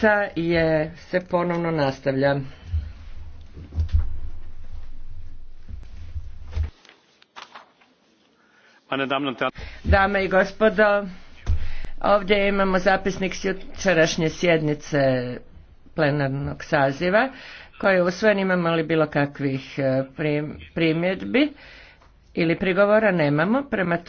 sjednica je se ponovno nastavlja. Dame i gospodo, ovdje imamo zapisnik s jučerašnje sjednice plenarnog saziva koji je usvojen imamo li bilo kakvih eh, primjedbi ili prigovora nemamo prema